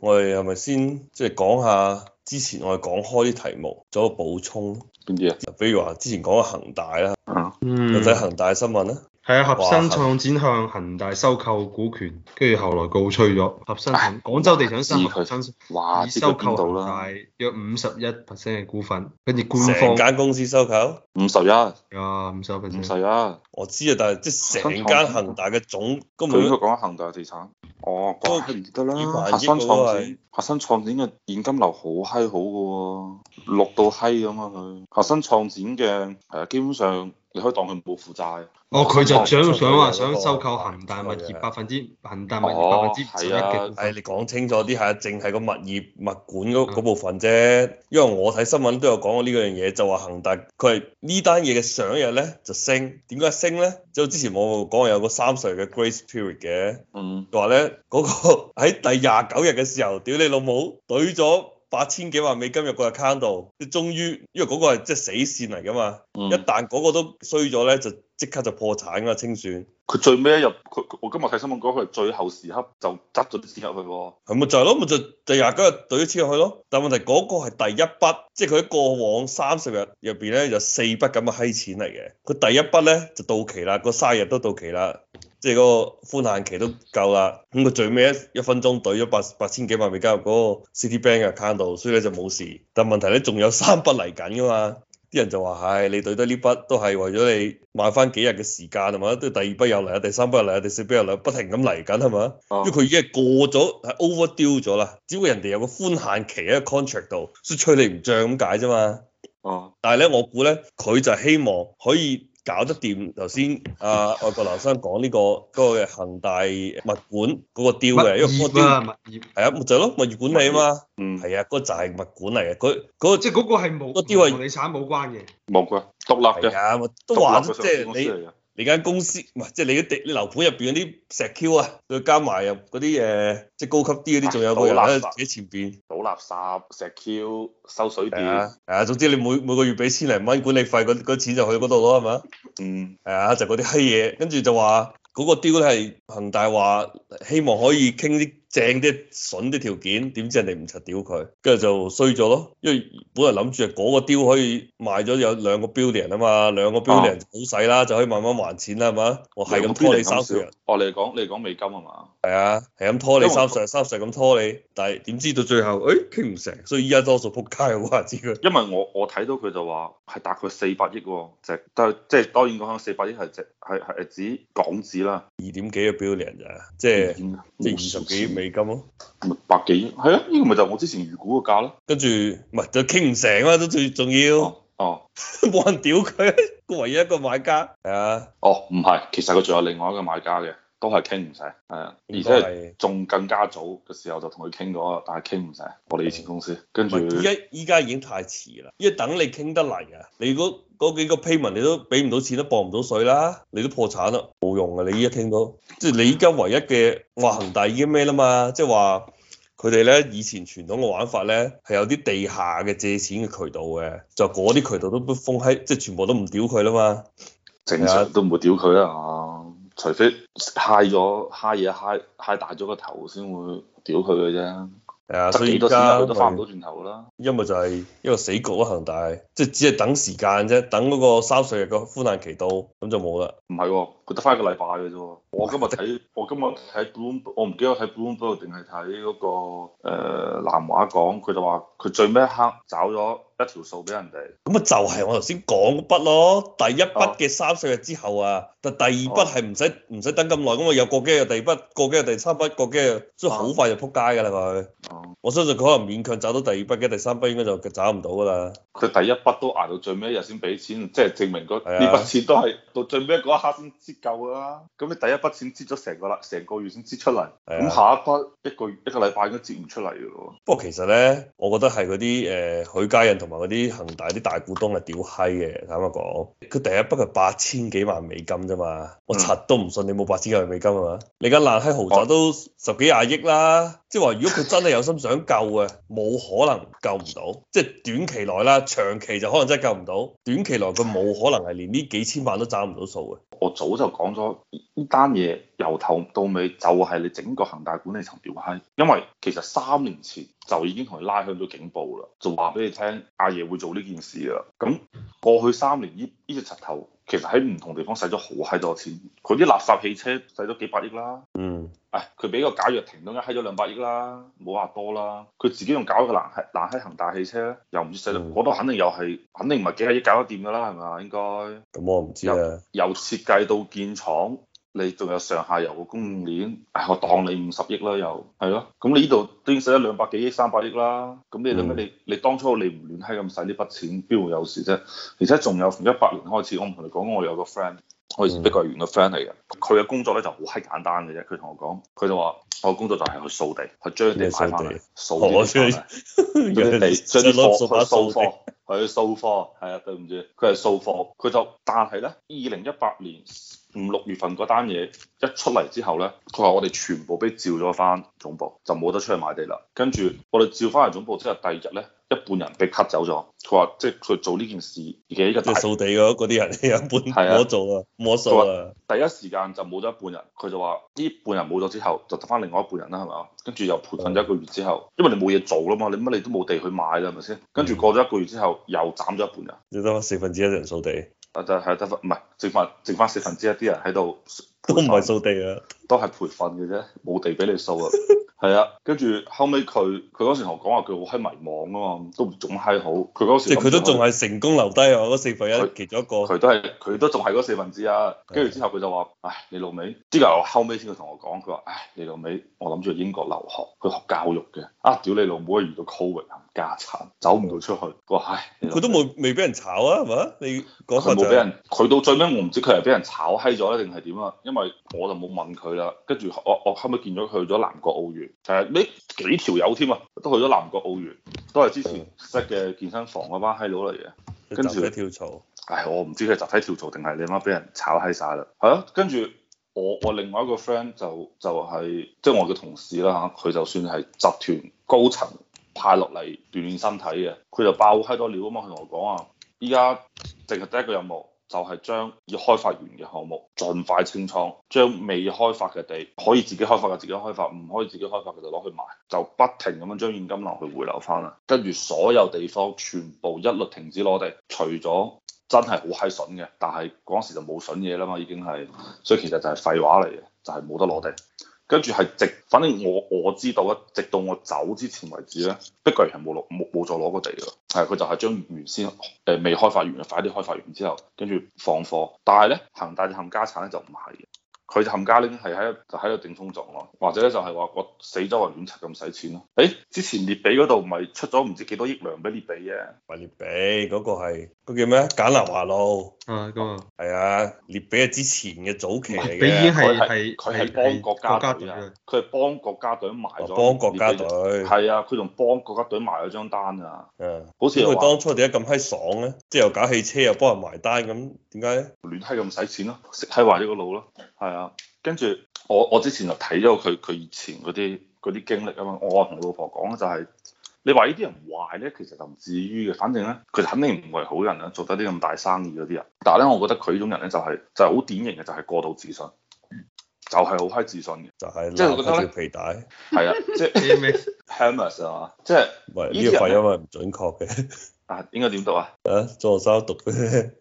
我哋係咪先即係講下之前我哋講開啲題目做一個補充？邊啲啊？比如話之前講嘅恒大啦，嗯，有恒大新聞咧？係啊，合生創展向恒大收購股權，跟住後來告吹咗。合生廣州地產收佢新、啊、哇，收購恒大約五十一 percent 嘅股份，跟住官方成間公司收購五十一啊，五十一，五十一。我知啊，但係即係成間恒大嘅總，咁佢講恒大地產。哦，都唔得啦！合生創展，合生創展嘅現金流好閪好嘅喎，六到閪咁啊，佢，合生創展嘅誒、呃、基本上。你可以當佢唔報負債嘅。哦，佢就想想話想收購恒大物業百分之，恒、嗯、大物業百分之五十一嘅。哎，你講清楚啲係，淨係個物業物管嗰、嗯、部分啫。因為我睇新聞都有講過呢樣嘢，就話恒大佢係呢單嘢嘅上一日咧就升，點解升咧？就之前我講有，有個三歲嘅 Grace Period 嘅，話咧嗰個喺第廿九日嘅時候，屌你老母，懟咗。八千幾萬美金入個 account 度，你係終於，因為嗰個係即係死線嚟噶嘛，嗯、一旦嗰個都衰咗咧，就即刻就破產噶啦清算。佢最尾一日，佢我今日睇新聞講佢係最後時刻就執咗啲錢入去喎。係咪、嗯、就係、是、咯？咪就是、第二日今日懟啲錢入去咯。但係問題嗰、嗰個係第一筆，即係佢喺過往三十日入邊咧就四筆咁嘅閪錢嚟嘅。佢第一筆咧就到期啦，個卅日都到期啦。即係嗰個寬限期都夠啦，咁佢最尾一一分鐘懟咗八八千幾萬未交入嗰個 City Bank account 度，所以咧就冇事。但問題咧，仲有三筆嚟緊噶嘛？啲人就話，唉、哎，你懟得呢筆都係為咗你買翻幾日嘅時間，係嘛？都第二筆又嚟，第三筆又嚟，第四筆又嚟，不停咁嚟緊係嘛？Oh. 因為佢已經過咗，係 overdue 咗啦。只會人哋有個寬限期喺個 contract 度，所以催你唔漲咁解啫嘛。哦。Oh. 但係咧，我估咧，佢就希望可以。搞得掂頭先啊，外國留學生講呢個嗰、嗰個恒大物管嗰個雕嘅，因為個雕係啊，咪業、啊、就咯、係啊，物業管理啊嘛，業嗯，係啊，嗰、嗰個、就係物管嚟嘅，佢嗰、嗰個、即係冇個係冇同地產冇關嘅，冇關，獨立嘅、啊，都話即係你。你間公司唔係即係你啲啲樓盤入邊嗰啲石 Q 啊，再加埋入嗰啲誒即係高級啲嗰啲，仲有個人喺、啊、自己前邊倒垃圾、石 Q、收水電。係啊，啊，總之你每每個月畀千零蚊管理費，嗰嗰錢就去嗰度囉係咪？嗯，係啊，就嗰啲閪嘢，跟住就話嗰個雕係恒大話希望可以傾啲。正啲筍啲條件，點知人哋唔柒屌佢，跟住就衰咗咯。因為本來諗住係嗰個 deal 可以賣咗有兩個 billion 啊嘛，兩個 billion 就好使啦，啊、就可以慢慢還錢啦，係嘛？我係咁拖你三十日。哦，你講你講美金係嘛？係啊，係咁拖你三十日，三十日咁拖你，但係點知到最後，誒傾唔成，所以依家多數撲街，我話知佢。因為我我睇到佢就話係大概四百億值，但即係當然講四百億係值係係指港紙啦，二點幾嘅 billion 咋，即係即係二十幾係咁咯，咪百幾係啊，呢、呢個咪就係我之前預估個價咯。跟住，咪就傾唔成啦，都最重要。哦，冇、哦、人屌佢，唯一一個買家。係啊。哦，唔係，其實佢仲有另外一個買家嘅。都係傾唔晒，係啊，而且仲更加早嘅時候就同佢傾咗，但係傾唔晒，嗯、我哋以前公司，跟住依家依家已經太遲啦。因為等你傾得嚟啊，你嗰嗰幾個 payment 你都俾唔到錢，都博唔到水啦，你都破產啦，冇用啊！你依家傾到，即係你依家唯一嘅話恒大已經咩啦嘛？即係話佢哋咧以前傳統嘅玩法咧係有啲地下嘅借錢嘅渠道嘅，就嗰啲渠道都不封喺，即係全部都唔屌佢啦嘛，正常都唔會屌佢啊。除非嗨咗嗨嘢揩揩大咗個頭先會屌佢嘅啫，係啊，所以而家都翻唔到轉頭啦。因為就係一個死局咯、啊，恒大即係、就是、只係等時間啫，等嗰個三十日嘅寬限期到咁就冇啦。唔係喎。佢得翻一個禮拜嘅啫喎，我今日睇，我今日睇 Bloomberg，我唔記得我睇 Bloomberg 定係睇嗰個呃、南華講，佢就話佢最尾一刻找咗一條數俾人哋。咁啊就係我頭先講嗰筆咯，第一筆嘅三四日之後啊，但第二筆係唔使唔使等咁耐，咁啊有過幾日第二筆，過幾日第三筆，過幾日，所以好快就撲街㗎啦佢。是是啊、我相信佢可能勉強找到第二筆嘅，第三筆應該就找唔到㗎啦。佢第一筆都捱到最尾一日先俾錢，即係證明嗰呢筆錢都係到最尾嗰一刻先。夠啦，咁你第一筆錢擠咗成個禮，成個月先擠出嚟，咁、嗯、下一筆一個一個禮拜都擠唔出嚟嘅喎。不過其實咧，我覺得係嗰啲誒許家印同埋嗰啲恒大啲大股東係屌閪嘅，坦白講，佢第一筆係八千幾萬美金啫嘛，我柒都唔信你冇八千幾萬美金啊嘛，你而家爛閪豪宅都十幾廿億啦，即係話如果佢真係有心想救嘅，冇可能救唔到，即係短期內啦，長期就可能真係救唔到，短期內佢冇可能係連呢幾千萬都找唔到數嘅。我早。就講咗呢單嘢由頭到尾就係你整個恒大管理層屌閪，因為其實三年前就已經同你拉響咗警報啦，就話俾你聽阿爺會做呢件事啦。咁過去三年呢，依隻柒頭其實喺唔同地方使咗好閪多錢，佢啲垃圾汽車使咗幾百億啦。佢俾、哎、個假藥停咗，嗨咗兩百億啦，冇話多啦。佢自己仲搞一個南嗨恒大汽車，又唔知勢力，嗰度、嗯、肯定又係肯定唔係幾百億搞得掂㗎啦，係咪啊？應該。咁我唔知啦。由設計到建廠，你仲有上下游個供應鏈，我當你五十億啦。又係咯，咁你呢度已使咗兩百幾億、三百億啦。咁你點解？你、嗯、你當初你唔亂嗨咁使呢筆錢，邊會有事啫？而且仲有從一百年開始，我唔同你講，我有個 friend。我以前碧桂園嘅 friend 嚟嘅，佢嘅工作咧就好閪簡單嘅啫。佢同我講，佢就話：我工作就係去掃地，去將地買翻嚟，掃地翻嚟，將地將貨去掃貨，去掃貨，係啊，對唔住，佢係掃貨。佢就但係咧，二零一八年五六月份嗰單嘢一出嚟之後咧，佢話我哋全部俾召咗翻總部，就冇得出去買地啦。跟住我哋召翻嚟總部，即係第二日咧。一半人被吸走咗，佢話即係佢做呢件事而家個即掃地嗰啲人， 一半冇得做啦，冇是、啊、得掃啊！第一時間就冇咗一半人，佢就話呢半人冇咗之後，就得翻另外一半人啦，係咪？跟住又培訓咗一個月之後，因為你冇嘢做啦嘛，你乜你都冇地去買啦，係咪先？跟住過咗一個月之後，又斬咗一半人，你得翻四分之一人掃地。啊，就係得唔係，剩翻剩翻四分之一啲人喺度，都唔係掃地啊，都係培訓嘅啫，冇地俾你掃啊。 係啊，跟住後尾佢佢嗰時同我講話，佢好嗨迷惘啊嘛，都仲總嗨好。佢嗰時佢都仲係成功留低我嗰四分之一，其中一個。佢都係佢都仲係嗰四分之一。跟住的之後佢就話，唉，你老味，之後我後尾先佢同我講，佢話，唉，你老味。」我諗住去英國留學，佢學教育嘅。啊，屌你老母遇到 COVID 冚家產，走唔到出去。佢話：唉，佢都冇未俾人炒啊，係咪你講佢冇俾人，佢到最尾，我唔知佢係俾人炒嗨咗一定係點啊？因為我就冇問佢啦。跟住我我後尾見咗佢去咗南國奧園。誒，呢幾條友添啊，都去咗南國奧園，都係之前識嘅健身房嗰班閪佬嚟嘅。跟住，唉，我唔知佢係集體跳槽定係你媽俾人炒閪晒啦。係啊，跟住我我另外一個 friend 就係、就係即係我嘅同事啦嚇，佢就算係集團高層派落嚟鍛鍊身體嘅，佢就爆閪多料啊嘛，佢同我講啊，依家淨係得一個任務。就係將已開發完嘅項目盡快清倉，將未開發嘅地可以自己開發嘅自己開發，唔可以自己開發嘅就攞去賣，就不停咁樣將現金流去回流翻啦。跟住所有地方全部一律停止攞地，除咗真係好閪筍嘅，但係嗰時就冇筍嘢啦嘛，已經係，所以其實就係廢話嚟嘅，就係、是、冇得攞地。跟住係直，反正我我知道啦，直到我走之前為止咧，碧桂園係冇攞冇冇再攞個地㗎，係佢就係將原先誒未、呃、開發完嘅，快啲開發完之後，跟住放貨。但係咧，恒大嘅冚家產咧就唔係。佢冚家拎係喺就喺度定充撞咯，或者咧就係話我死咗圍亂七咁使錢咯。誒、欸，之前列比嗰度唔係出咗唔知幾多億糧俾列比嘅？賣列比嗰個係嗰叫咩？簡立華路啊，嗰、那、係、個、啊，列比係之前嘅早期嘅，佢已經係係佢係幫國家隊啊，佢係幫國家隊埋咗、啊、幫國家隊係啊，佢仲幫國家隊埋咗張單啊。誒，好似佢當初點解咁閪爽咧？即係又搞汽車又幫人埋單咁，點解咧？亂閪咁使錢咯，食閪壞呢個腦咯。係啊，跟住我我之前就睇咗佢佢以前嗰啲啲經歷啊嘛，我同老婆講就係、是、你話呢啲人壞咧，其實就唔至於嘅。反正咧，佢肯定唔係好人啦，做得啲咁大生意嗰啲人。但係咧，我覺得佢呢種人咧就係、是、就係、是、好典型嘅，就係、是、過度自信，就係好嗨自信嘅，就係拉得條皮帶。係啊，即係 Hermes 啊嘛 就是，即係唔係呢個發音係唔準確嘅。應該點讀啊？啊，助手讀咩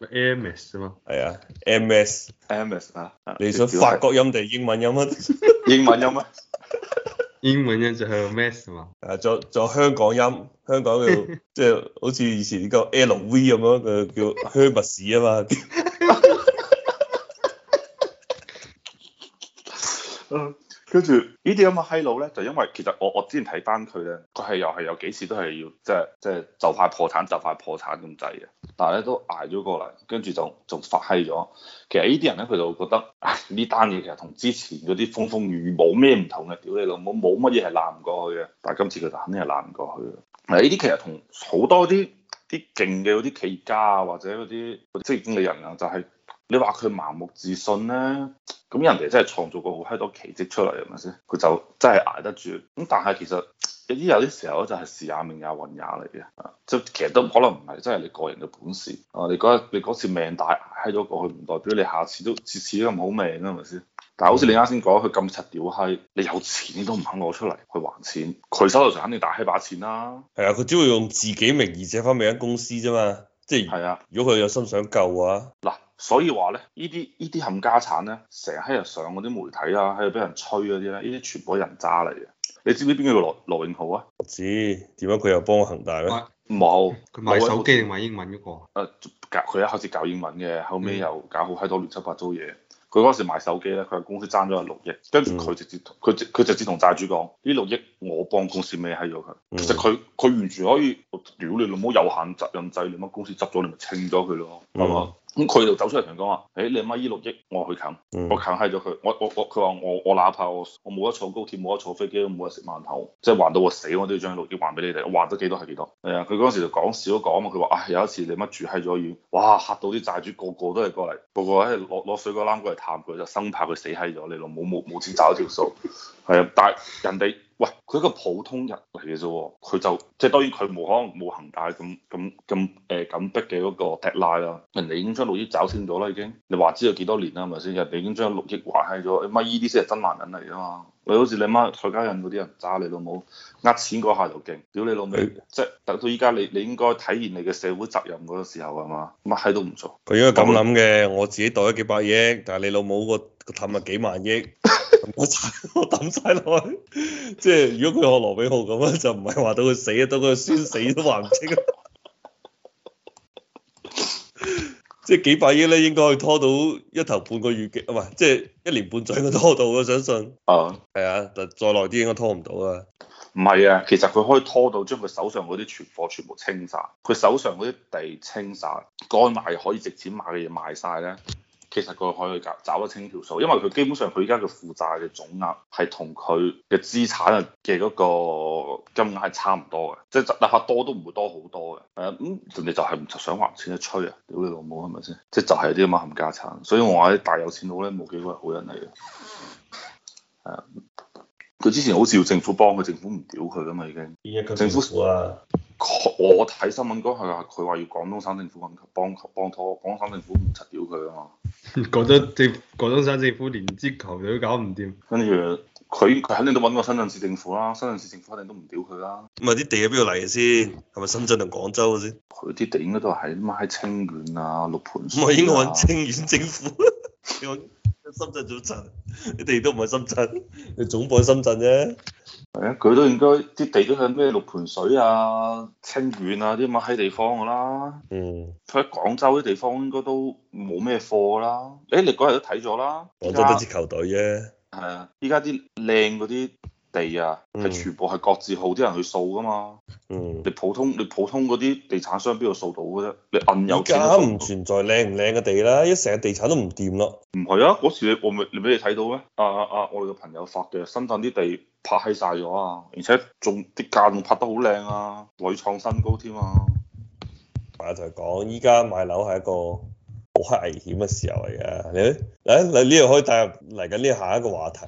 ？Ames 啊？嘛，係啊 m s a m s 啊， 你想法國音定英文音啊？英文音啊？英文音就係 m S 啊。嘛。啊，仲仲有香港音，香港叫即係 好似以前呢個 LV 咁樣嘅叫 Hermès 啊嘛。 跟住呢啲咁嘅閪佬咧，就因為其實我我之前睇翻佢咧，佢係又係有幾次都係要即係即係就快破產就快破產咁滯嘅，但係咧都捱咗過嚟，跟住就仲發閪咗。其實呢啲人咧，佢就會覺得，唉，呢單嘢其實同之前嗰啲風風雨雨冇咩唔同嘅，屌你老母冇乜嘢係攔唔過去嘅。但係今次佢就肯定係攔唔過去嘅。嗱，呢啲其實同好多啲啲勁嘅嗰啲企業家啊，或者嗰啲職業經理人啊，就係、是、你話佢盲目自信咧。咁人哋真係創造過好多奇蹟出嚟，係咪先？佢就真係捱得住。咁但係其實有啲有啲時候就係時也命也運也嚟嘅，即係其實都可能唔係真係你個人嘅本事。哦，你嗰日你嗰次命大捱咗過去，唔代表你下次都次次都咁好命啊，係咪先？但係好似你啱先講，佢咁柒屌閪，你有錢你都唔肯攞出嚟去還錢，佢手頭上肯定大閪把錢啦。係啊，佢只會用自己名義借翻俾間公司啫嘛。即係啊！如果佢有心想救嘅話啊，嗱，所以話咧，呢啲依啲冚家產咧，成日喺度上嗰啲媒體啊，喺度俾人吹嗰啲咧，呢啲全部係人渣嚟嘅。你知唔知邊個叫羅羅永浩啊？知點解佢又幫我恒大咧？冇、啊，佢買手機定買英文嗰、那個？誒、啊，佢一開始教英文嘅，後尾又搞好閪多亂七八糟嘢。佢嗰時賣手機咧，佢公司爭咗係六億，跟住佢直接，佢直佢直接同債主講，呢六億我幫公司孭閪咗佢，其實佢佢完全可以，屌你老母有限責任制，你乜公司執咗你咪清咗佢咯，係嘛、嗯？咁佢就走出嚟同人講話，誒你阿媽依六億，我去啃、嗯，我啃閪咗佢，我我我佢話我我哪怕我我冇得坐高鐵，冇得坐飛機，都冇得食饅頭，即係還到我死，我都要將六億還俾你哋，還得幾多係幾多。係、嗯、啊，佢嗰時就講少講啊，佢話啊有一次你乜住喺咗院，哇嚇到啲債主個個都係過嚟，個個喺攞攞水果籃過嚟探佢，就生怕佢死閪咗，你老母冇冇錢找條數。係、嗯、啊，但係人哋。佢係一個普通人嚟嘅啫喎，佢就即係當然佢冇可能冇恒大咁咁咁誒，咁逼嘅嗰個 deadline 啦，人哋已經將六億找清咗啦，已經你話知道幾多年啦，係咪先？人哋已經將六億還清咗，咪依啲先係真男人嚟啊嘛～咪好似你阿媽蔡家印嗰啲人，揸你老母，呃錢嗰下就勁，屌你老味，欸、即係等到依家你你應該體現你嘅社會責任嗰個時候係嘛？乜閪都唔錯。佢應該咁諗嘅，但 我自己袋咗幾百億，但係你老母個個氹啊幾萬億，我踩我氹曬落去。即係如果佢學羅比奧咁樣，就唔係話到佢死，到佢孫死都還唔清。 即係幾百億咧，應該可以拖到一頭半個月嘅，唔係即係一年半載都拖到，我相信。哦，係啊，但再耐啲應該拖唔到啦。唔係啊，其實佢可以拖到將佢手上嗰啲存貨全部清晒，佢手上嗰啲地清晒，該賣可以值錢買嘅嘢賣晒咧。其實佢可以找找得清條數，因為佢基本上佢而家嘅負債嘅總額係同佢嘅資產嘅嗰個金額係差唔多嘅，即係立刻多都唔會多好多嘅。係、嗯、啊，人哋就係唔想還錢啫，吹啊！屌你老母，係咪先？即係就係啲咁嘅冚家鏟，所以我話大有錢佬咧冇幾個係好人嚟嘅。佢、嗯、之前好似要政府幫佢，政府唔屌佢啊嘛，已經。政府啊！我睇新聞講係佢話要廣東省政府幫幫拖，廣東省政府唔柒屌佢啊嘛。廣東政廣東省政府連接球佢都搞唔掂，跟住佢佢肯定都揾過深圳市政府啦，深圳市政府肯定都唔屌佢啦。咁啊啲地喺邊度嚟嘅先？係咪深圳定廣州先？佢啲地應該都係，喺清遠啊、六盤山啊。唔係應該揾清遠政府？ 深圳做真，你哋都唔喺深圳，你總部喺深圳啫。係啊，佢都應該啲地都向咩六盤水啊、清遠啊啲咁喺地方噶啦。嗯，佢喺廣州啲地方應該都冇咩貨啦。誒、欸，你嗰日都睇咗啦，廣州得支球隊啫。係啊，依家啲靚嗰啲。地啊，係全部係各自號啲人去掃噶嘛，嗯你，你普通你普通嗰啲地產商邊度掃到嘅啫，你暗有。依家唔存在靚唔靚嘅地啦，一成日地產都唔掂咯。唔係啊，嗰時你我咪你俾你睇到咩？啊啊啊！我哋個朋友發嘅，深圳啲地拍閪曬咗啊，而且仲啲價仲拍得好靚啊，屢創新高添啊！大家就係講，依家買樓係一個好閪危險嘅時候嚟嘅，嚟嚟嚟呢度可以帶入嚟緊呢下一個話題。